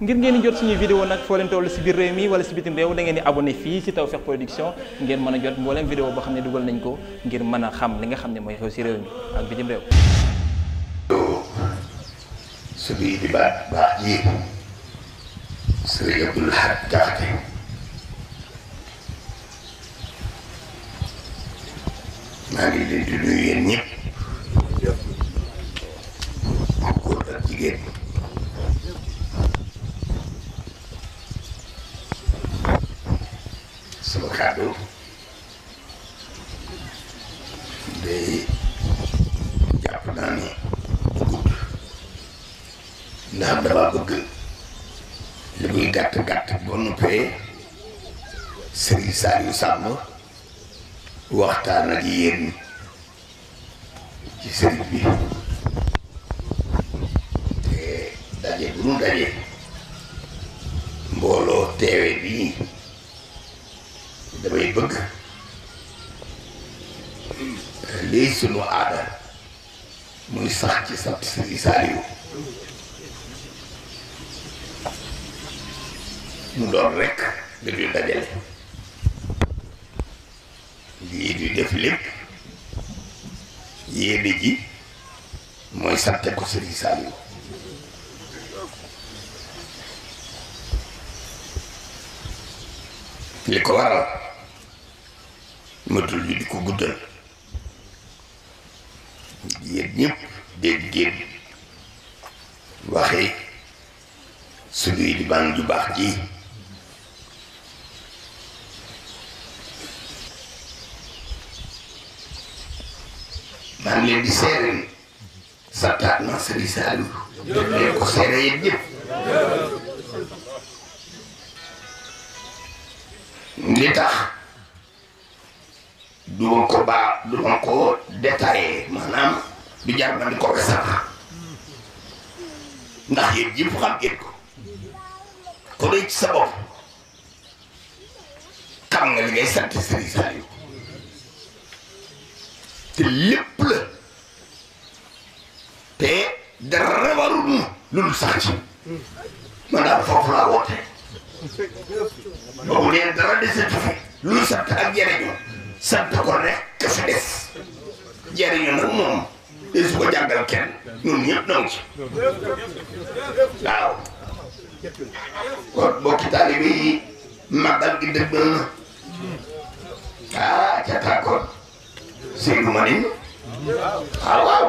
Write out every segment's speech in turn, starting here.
ngir ngeen di jot suñu vidéo nag foo leen toll si biir réew mi wala si bitim réew da ngeen di abonné fii si Tawfekh Production ngeen mën a jot mbooleem vidéo boo xam ne dugal nañ ko ngir mën a xam li nga xam ne mooy xew si réew mi ak bitim réew su maa ngi leen di nuyu yéen ñëpp laa bëgg li muy gàtt gàtt boo noppee Serigne Saliou Samb waxtaan a yéen ci sëriñ bi te daje bu nu daje mbooloo teewe bii damay bëgg lii sunu aada muy sax ci sant Serigne Saliou mu doon rekk da duy dajale lii duy def lépp yéene ji mooy sante ko Serigne Saliou li ko waral matul ñu di ko guddal yéen ñëpp dégg ngeen waxe suñuy limaan ju baax ji maa ngi leen di seere ni sartaat na sëriñ Saliou leen ko seere yéen ñëpp li tax duma ko baa duma ko détaillé maanaam du jar man di ko wesal ndax yéen ñëpp xam ngeen ko ko doy ci sa bopp xam nga li ngay sant sëriñ Saliou te lépp la te dara warul nu lu dul sax ci man daal foofu laa woote boobu nee dara desatu fi lu dul sant ak jariñu sant ko rekk fi des jariñu nag moom de su ko jàngal kenn ñun ñëpp nangu ci waaw kon bokki taalibe yi magal gi dëgg na ah ca tàkkoon Seydu Manin waaw waaw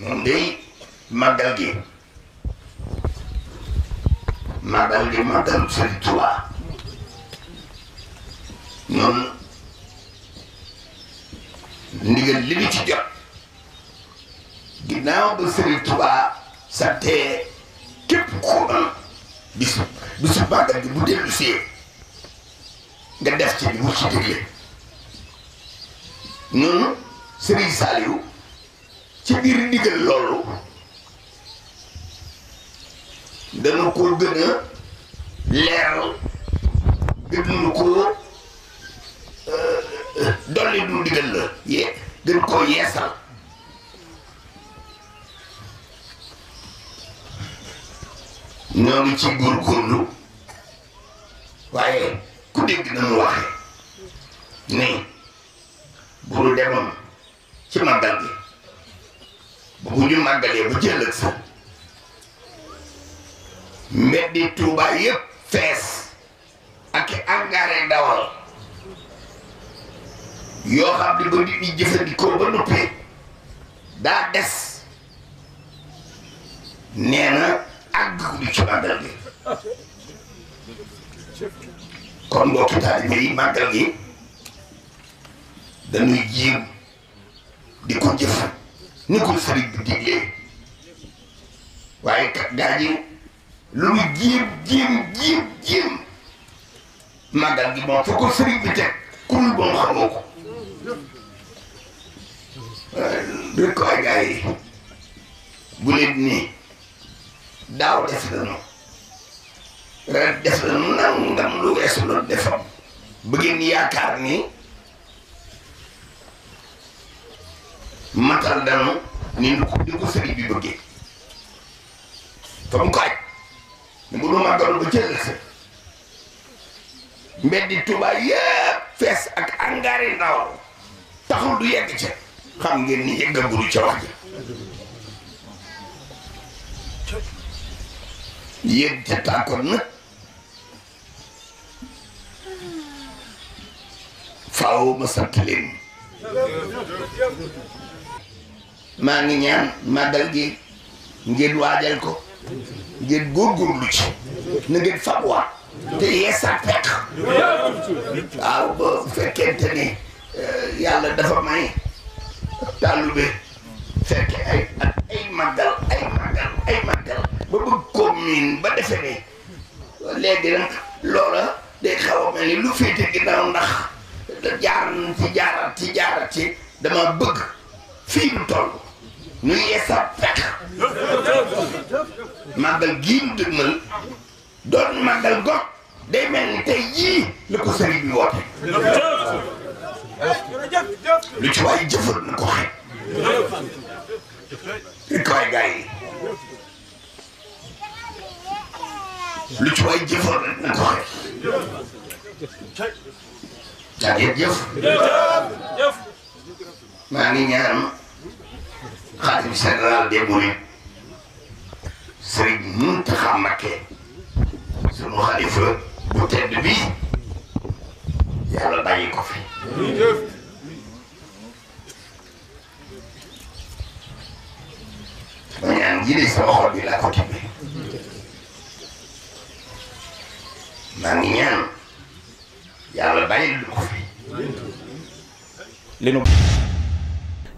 moom day màggal gi màggal gi màggalu Sëriñ Tuubaa ñoom ndigal li ñu ci jot ginnaaw ba Sëriñ Tuubaa sante képp ku am bis bisu màggal gi bu dellu see nga def ci mu ci digle noonu Serigne Saliou ci biir ndigal loolu dana ko gën a leeral gën ko euh, euh, dolli du ndigal la ye gën koo yeesal ñoo ngi ci góorgóorlu waaye ku dégg na mu waxe ni bu nu demoon ci màggal bi bu ñu màggalee bu jëllëg sa mbeddi Tuuba yépp fees ak engrais dawal yoo xam ne ba nit ñi jëfandikoo ba noppi daa des nee àggagul ci màggal gi kon mbokki taalibe yi màggal gi dañuy jiir di ko jëf ni ko sëriñ bi diglee waaye gaa ji lu mu jiir jiir jiir jiir màggal gi moom fa ko sëriñ bi teg kurul ba mu xamoo ko rek ko ay gaa yi bu leen nii daaw def nañu ren def nañu nangam lu weesu loolu defoon bu ngeen yaakaar ni matal danu ni nu ko ni ko sëriñ bi bëggee fa mu ko aj munu màggal ba jël sa mbeddi Tuubaa yépp fees ak angaari ndaw taxul du yegg ca xam ngeen ni yeggaguru ca wax ji yéen jataakoon nag faaw ma maa ngi ñaan màggal gi ngeen waajal ko ngeen góorgóorlu ci na ngeen fagwaat te yeesaat fekk waaw ba fekkente ne eh, yàlla dafa may tàllu be fekke ay ay màggal ay màggal ay màggal liin ba defe ne léegi nag loola day xaw a mel ni lu féete ginnaaw ndax jaar nañ ci jaarat ci dama bëgg fii lu toll ñu yeesa fekk màggal gii mu dëgmal doon màggal gox day mel ni tey yii la ko sëriñ bi woote lu ci waay jëfal na ko xeet rek waay gars lu ci waay jëfoon ko xeeb daa ngeen jëf maa ngi ñaan xaatim général des mourides sëriñ Mountakha Mbacké sunu xalifa bu tedd bi yàlla bàyyi ko fi ma ñaan ji de sama xol bi ko teg maa ngi ñaan yàlla bàyyi lu ko fi li nu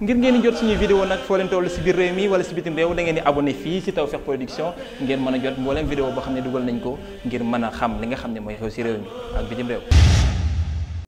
ngir ngeen di jot suñuy vidéo nag foo leen si biir réew mi wala si bitim réew da ngeen di abonné fii si Tawfekh Production ngeen mën a jot mbooleem vidéo boo xam ne dugal nañ ko ngir mën a xam li nga xam ne mooy xew si réew mi ak bitim réew